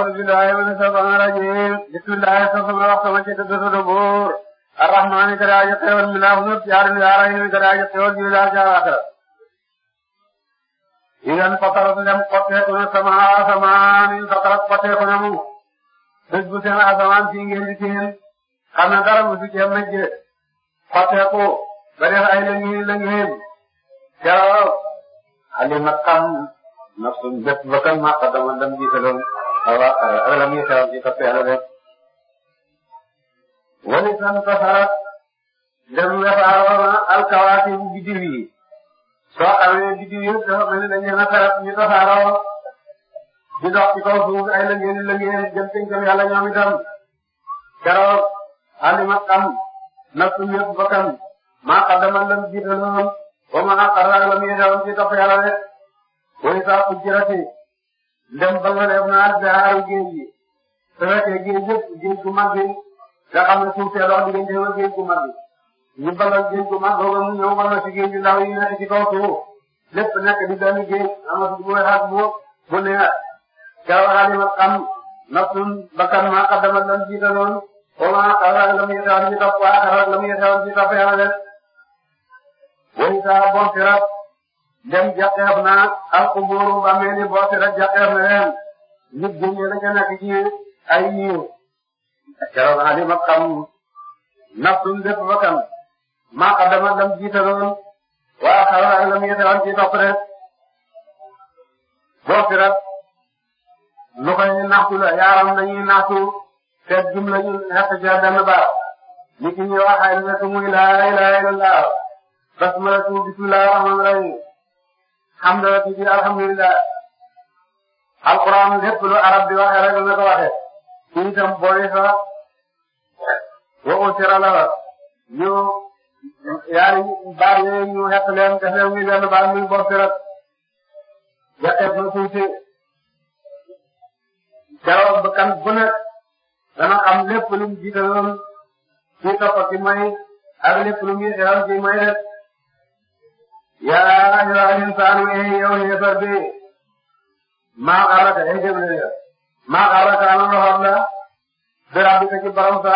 أعوذ بالله من الشيطان الرجيم بسم الله الرحمن الرحيم وكيف تدبر الرحمن كراجة خير من أفضل جار من العالمين كراجة خير من الآخرة إذا انفطرت لم قطعكم السماء سماء انفطرت قطعكم dëgg seen asamaan fii ngeen di seen xam na dara mu si jéem a jë xotteeku ba def ay la ñuy la ngeen jaraw alima xam nafsun bépp bakkan ma qaddama lam jiitaloon awa alam yas'a fi xasee ala def wala sànq tasaaraat dem na fa aroon alkawaati biddiw yi soo amee biddiw yëpp dafa mel ni dañuy nasaaraat ñu tasaaroo di dox ci kaw suuf ay lëngeen lëngeen jëm ci ngëm yàlla ñoom itam keroog alimat am nattu yëpp bakkan maa qaddaman lam jiitaloon wa maa axara lam yas'a fi xasee ala def wala saa ku jirati ndem ba nga def naa daaru géej gi su fekkee géej yëpp géej gu mag gi nga xam ne suuf see dox diggante ba géej gu mag gi ñu bagal géej gu mag boobu mu ñëw bagal ci géej yu ndaw yi nekk ci kaw suuf lépp nekk di benn géej amatu bu weexaat bu bu neex caw xaalima xam nafsun bakkan maa xaddamat lan jiitaloon wala xalaat la muy yetawoon ci topp waa xalaat la muy yetawoon ci topp yàlla def wani saa bon sirab dem jàkkaaf naa ak mbuuru ba mel ni boote rek jàkkaaf na leen nit génne la ca nekk ci ay yiw keroog alima xam naftum bépp bakkan maa qaddama lam jiitaloon waa xaw ak lam yetalam ci topp rek boote rek lu koy naxtu la yaaram lañuy naxtu seet jum lañu nekk ca benn baat nit ñi wax ay nekk muy laa ilaaha illallaah basmalatu bismillaahir rahmaanir rahiim xam nga ci alhamdulilah alquran lépp lu arab di waxe rek na ko waxe ci itam booy sa wa usira la ñu yaari baar yooyu ñu xet leen def leen muy benn baar muy bor si rek jaqeef na suuf si keroog ba kan bu nekk dana xam lu mu jiitaloon ci topp ci may ak lu mu jiitaloon ci yaa ayyuhal insaanu ee yow yéefar bi maa xaraka ee jëble ya maa xaraka ana lu xar la bi rabbika ci borom sa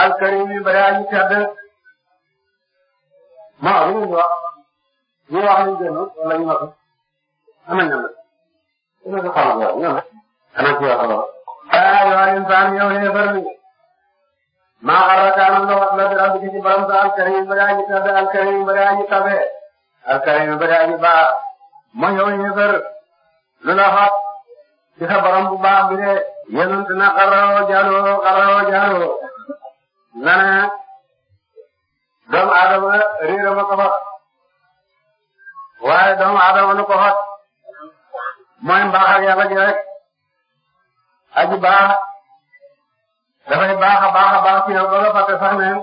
alkarim yi bare aji tedd maa lu ñu wax ñu wax ñu génn wala ñu wax ana ñan la ina ko xamal yow ñan la ana ci wax yaa ayyuhal insaanu yow yéefar bi maa xarala nga wax la dara bi ci borom sa alkarim ba daa ji tabe alkarim ba daa ji tabe alkarim ba daa ji baax ma yow ñu fër lu la xat ci sa borom bu baax bi de yonent na xaraloo jaaloo xaraloo jaaloo nga ne doomu aadama réer ma ko xat waaye doomu aadama nu ko xat mooy ak yàlla ji rek aji baax dafay baax a baax ne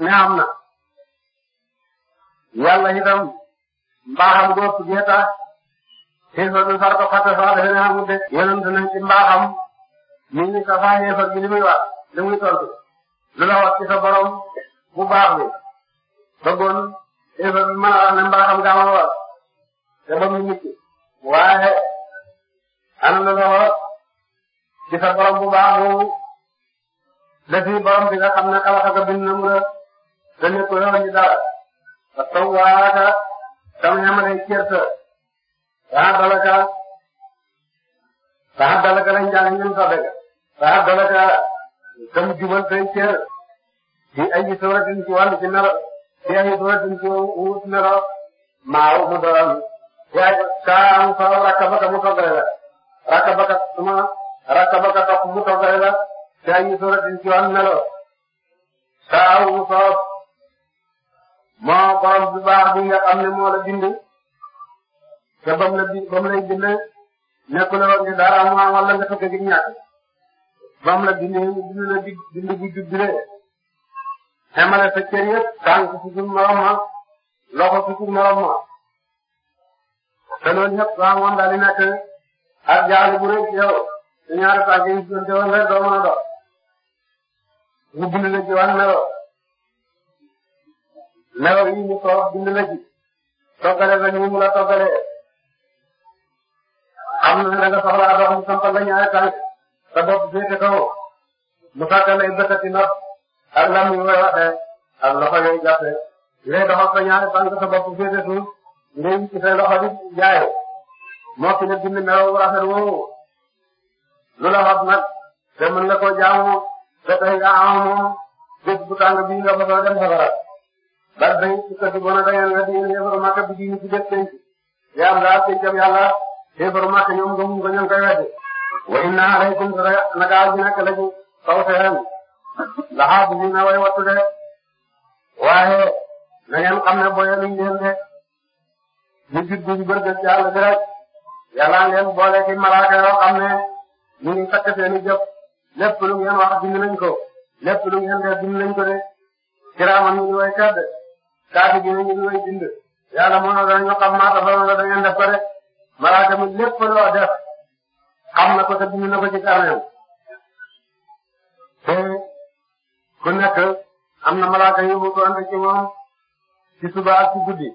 ne am na yàlla itam mbaaxam góob gee tax xéefar bi far ko fàtte sax dafa ne amul de yonent nañ ci mbaaxam ñu ngi sa faa xéefar bi li muy wax li muy lu la wax ci bu baax bi bëggoon xéefar bi mën a mbaaxam gaa ma wax ba muy nit waaye ana la la wax ci bu baax boobu la fi borom bi nga xam ne xalaxaka bind na mu la te nekk yoon ñu dara a sawaaka tam ñamare certa saxar dalaka saxar dalaka lañ jàng ñun sax dëgg saxar dalaka tam jubal say cër ci ay suratin ci wàllu ci nero ci ay suratin ci wut nero maa wu mu doon yaay saa mu fa rakabaka mu toggale la rakabaka suma rakabaka topp mu toggale la tey ñu soog a di jox melo saa wu soob moo borom bu baax bi nga xam ne moo la bind te bam la bi bam lay bind nekkul woon ne dara mu am wala nga fekk ci ñàkk bam la bind bind la bi bind bu jub bile xamale sa cër yëpp tànk ci suñu morom ma loxo ci suñu morom ma te loolu ñëpp waaw moom daal di nekk ak jaalu bu rëy yow ñaari yi ñu doon teewoon doo mën a dox ñu bind la ci wan melo melo yi ñu ko bind la ci toggale la ñu mun a toggale xam na ne nga soxlaa dox mu sampal la ñaari tànk sa bopp féete kaw mu fàtte lay bëkkati nopp ak lam yu koy waxee ak loxo yooyu jàppee ngay doxal sa ñaari tànk sa bopp féete suuf ngay ci sa loxo di jaay moo fi ne bind melo bu rafet woowu lu la wax nag te mën nga te tey nga xamoo bés bu tàng bii nga bëgg a dem safara bal day ci kër gi bon a dayal nga diine yéefar Makka bi diine ci bés penc yàlla pencam yàlla yéefar Makka ñoom nga mun ko ñoom koy weddi wa inna alaykum naka aji nekk lañu kaw seen laxaab bi na way wattu de waaye na ngeen xam ne booyee luñ leen de ñu juddu ñu bëgg ci yàlla bi rek yàlla ngeen boole ci malaaka yoo xam ne ñu ngi takk seeni jëf lépp lu ngeen wax bind nañ ko lépp lu ngeen def bind nañ ko de kiraaman ñu ngi way tedd kaati bi ñu ngi way bind yàlla moo doon ñu xam maa taxawoon la da ngeen def ko de malaaka mi lépp loo def xam na ko te bind na ko ci carnet te ku nekk am na malaaka yu mu doon ci moom ci suba ak ci guddi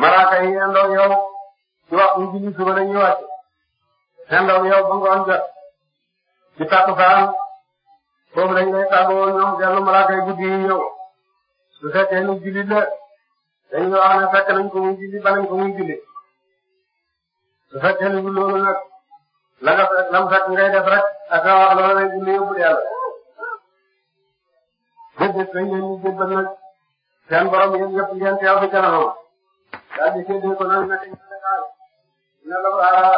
malaaka yi yendoog yow ci waxtu julli suba dañuy wàcc yendoog yow ba ngoon jot ci takkusaan foofu dañ lay tàggoo ñoom dellu malaaka yi guddi yi ñëw su fekkee nu julli la dañuy wax ne fekk nañ ko muy julli ba nañ ko muy julli su fekkee ni loolu nag la nga lam fekk ngay def rek ak nga wax loolu lay julli yóbbu yàlla déedéet dañ leen ñu jébbal nag seen borom yéen ñëpp ngeen teew fi kanamam daal di séddee ko nag naka ñu ne la ko aara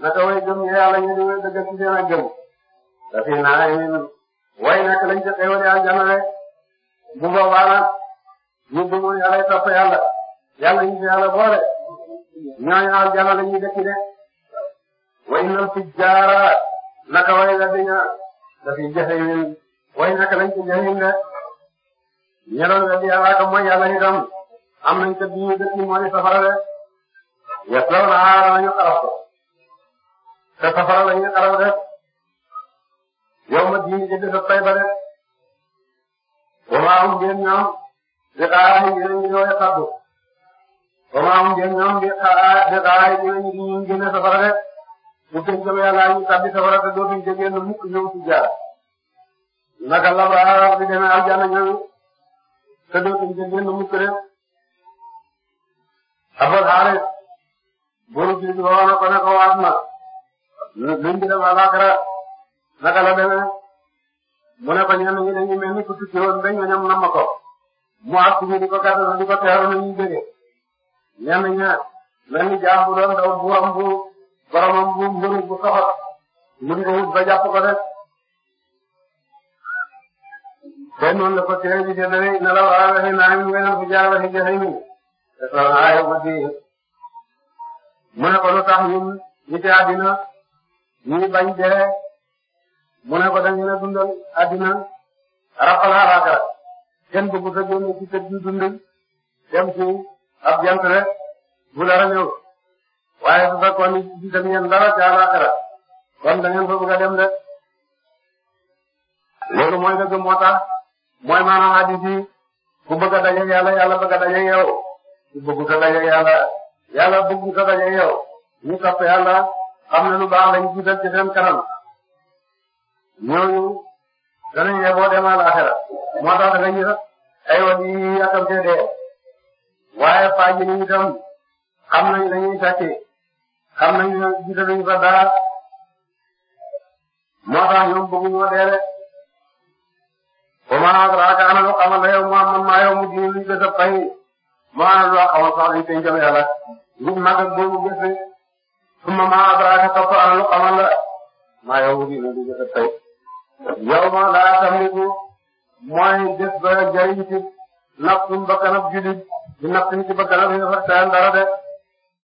naka way gëm yàlla ñu di way dëgg ci seen ak gëm dafay naa yéen ñun waaye nag lañ ca xéwalee aljana rek bu boobaa nag ñun du mooy yàlla topp yàlla yàlla ñu fi yàlla boole ñooñu aljana la ñuy dëkk de waaye ñoom fi jaara naka waaye la dañu dafay jafe yéen waaye nag lañ ca jafe de ñu doon weddi yàlla ak mooy yàlla itam am nañ ca biir dëkk mooy safara de yaslaw na aara nañu xarab ko te safara la ñuy xarab de. yow ma diin ci def tay ba de waaw ngeen ñoom di xaar yéen a ngi ñëw xaddu waaw ngeen ñoom di xaar di xaar yéen a ngi ñuy génne safara de bu fekkee ne yàlla ñu tabbi safara te dootuñ jógee nu mukk ñëw ci jaar naka la ba di demee aljana ñëw te dootuñ jógee nu mukk de abal xaalis booru ci bi waxoon na ko ne ko waat na luñ ci def àllaaxira naka la demee mu ne ko ñenn ñi dañuy ku tukki woon ba ñoom nam ma mu àgg ñu di ko gàttal di ko teeru na ñuy jógee ñenn ña mel bu doon daw buuram bu bu mbëru bu di ko wut ba jàpp ko rek te noonu la ko tee di jëndee ne la war a waxee naa bu jaar waxee jafe mu ne ko tax ñun ñu ci àddina ñuy bañ dee. mu ne ko dañu ne dundal addina rafal alaakara kenn bëggu sa génne ci kër gi dem ci ab jant rek bu dara ñëw waaye su fekkoon ni ci tam ngeen dara ci alaakara kon da fa bëgg a dem de loolu mooy dëgg moo mooy maanaam hadith yi ku bëgg a daje yàlla yàlla bëgg a daje ku bëggu sa daje yàlla yàlla bëggu sa daje yow ñu topp yàlla xam ne lu baax lañu jiital ci seen kanam ñooñu danañ ne boo demee àllaxira moo tax danañ gis ay wàllu yi yàkkamtee dee waaye faj yi ñu itam xam nañ dañuy sàccee xam nañ ne gisatuñ fa dara moo tax ñoom bëgguñoo dee rek ba maanaam raaka ana lu xamal la yow maa man maa yow mu jiw li des a fay maa loo xamal sax liñ koy jëm yàlla lu mag ak boobu gis ne su ma maanaam raaka topp ana lu xamal la maa yow mu jiw li des a fay. yow ma laa tamliku mooy gis ba jëriñ ci naftum bakkanam julit di naftum ci bakkanam yi dafa teen dara de